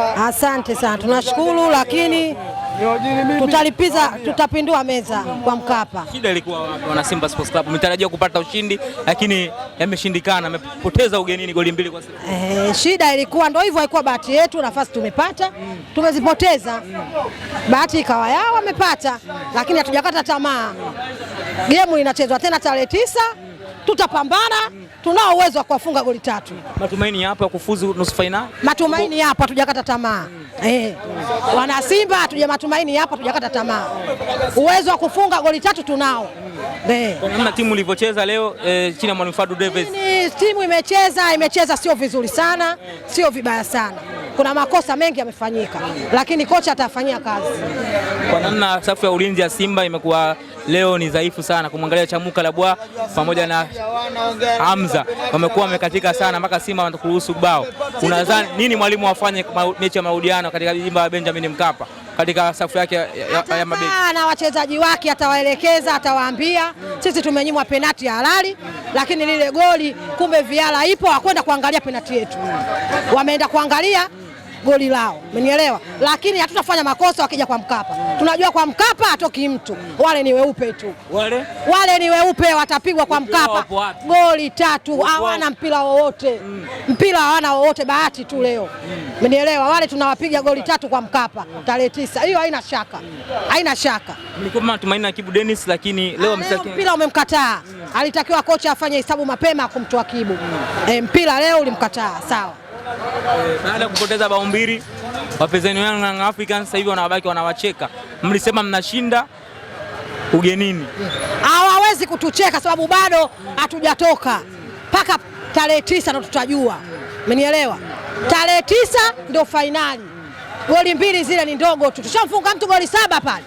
Asante sana, tunashukuru, lakini tutalipiza, tutapindua meza kwa Mkapa. Shida ilikuwa wapi? Wana Simba Sports Club mtarajia kupata ushindi, lakini yameshindikana, amepoteza ugenini goli mbili kwa sifuri. Eh, shida ilikuwa ndio hivyo, haikuwa bahati yetu, nafasi tumepata tumezipoteza, bahati ikawa yao, wamepata, lakini hatujakata tamaa. Gemu inachezwa tena tarehe tisa tutapambana, tunao uwezo wa kuwafunga goli tatu. Matumaini hapa kufuzu nusu fainali, matumaini hapa, hatujakata tamaa eh. Wana Simba hatuja matumaini hapa, hatujakata tamaa, uwezo wa kufunga goli tatu tunao. Eh. Kwa namna timu ilivyocheza leo eh, chini ya mwalimu Fadu Davis, timu imecheza imecheza sio vizuri sana, sio vibaya sana kuna makosa mengi yamefanyika, lakini kocha atafanyia kazi. Kwa namna safu ya ulinzi ya Simba imekuwa leo ni dhaifu sana. Kumwangalia Chamuka Labwa pamoja na Hamza wamekuwa wamekatika sana mpaka Simba wanakuruhusu bao. Unadhani nini mwalimu afanye mechi ya marudiano katika jimba la Benjamin Mkapa katika safu yake ya, ya, mabeki na wachezaji wake, atawaelekeza atawaambia, Sisi tumenyimwa penati ya halali Lakini lile goli kumbe viala ipo, hakwenda kuangalia penati yetu, wameenda kuangalia goli lao, umenielewa? Lakini hatutafanya makosa wakija kwa Mkapa. Tunajua kwa Mkapa hatoki mtu, wale ni weupe tu, wale wale ni weupe, watapigwa kwa Mkapa goli tatu. Hawana mpira wowote, mm. mpira hawana wowote, bahati tu mm. leo, umenielewa? Wale tunawapiga goli mm. tatu kwa Mkapa tarehe tisa, hiyo haina shaka, haina shaka. Nilikuwa mnatumaini na Kibu Dennis, lakini ah, leo mpira umemkataa. Alitakiwa kocha afanye hesabu mapema kumtoa Kibu. E, mpira leo ulimkataa, sawa baada ya kupoteza bao mbili, wapinzani wenu Young Africans sasa hivi wanawabaki wanawacheka. Mlisema mnashinda ugenini, hawawezi kutucheka sababu bado hatujatoka mpaka tarehe tisa ndo tutajua, umenielewa? Tarehe tisa ndio fainali. Goli mbili zile ni ndogo tu, tushamfunga mtu goli saba pale,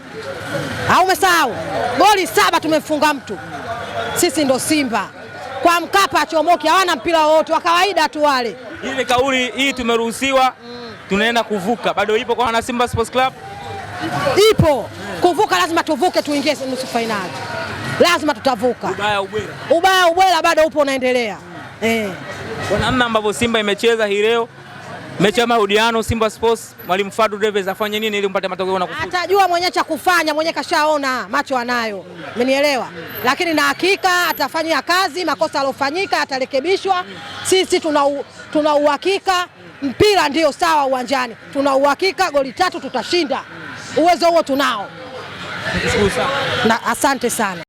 au umesahau? Goli saba tumemfunga mtu, sisi ndo Simba kwa Mkapa achomoke, hawana mpira wowote wa kawaida tu wale. Ile kauli hii tumeruhusiwa, mm. tunaenda kuvuka, bado ipo kwa wana Simba Sports Club, ipo kuvuka, lazima tuvuke, tuingie nusu fainali, lazima tutavuka. Ubaya ubwela, ubaya ubwela bado upo unaendelea, mm. eh. Kwa namna ambavyo Simba imecheza hii leo mechi ya marudiano Simba Sports, Mwalimu Fadlu Davids afanye nini ili mpate matokeo na kufuzu? Atajua mwenyewe cha kufanya, mwenyewe kashaona, macho anayo, umenielewa. Lakini na hakika atafanyia kazi makosa aliyofanyika, atarekebishwa. Sisi tuna tuna uhakika mpira ndio sawa uwanjani, tuna uhakika goli tatu tutashinda. Uwezo huo tunao na asante sana.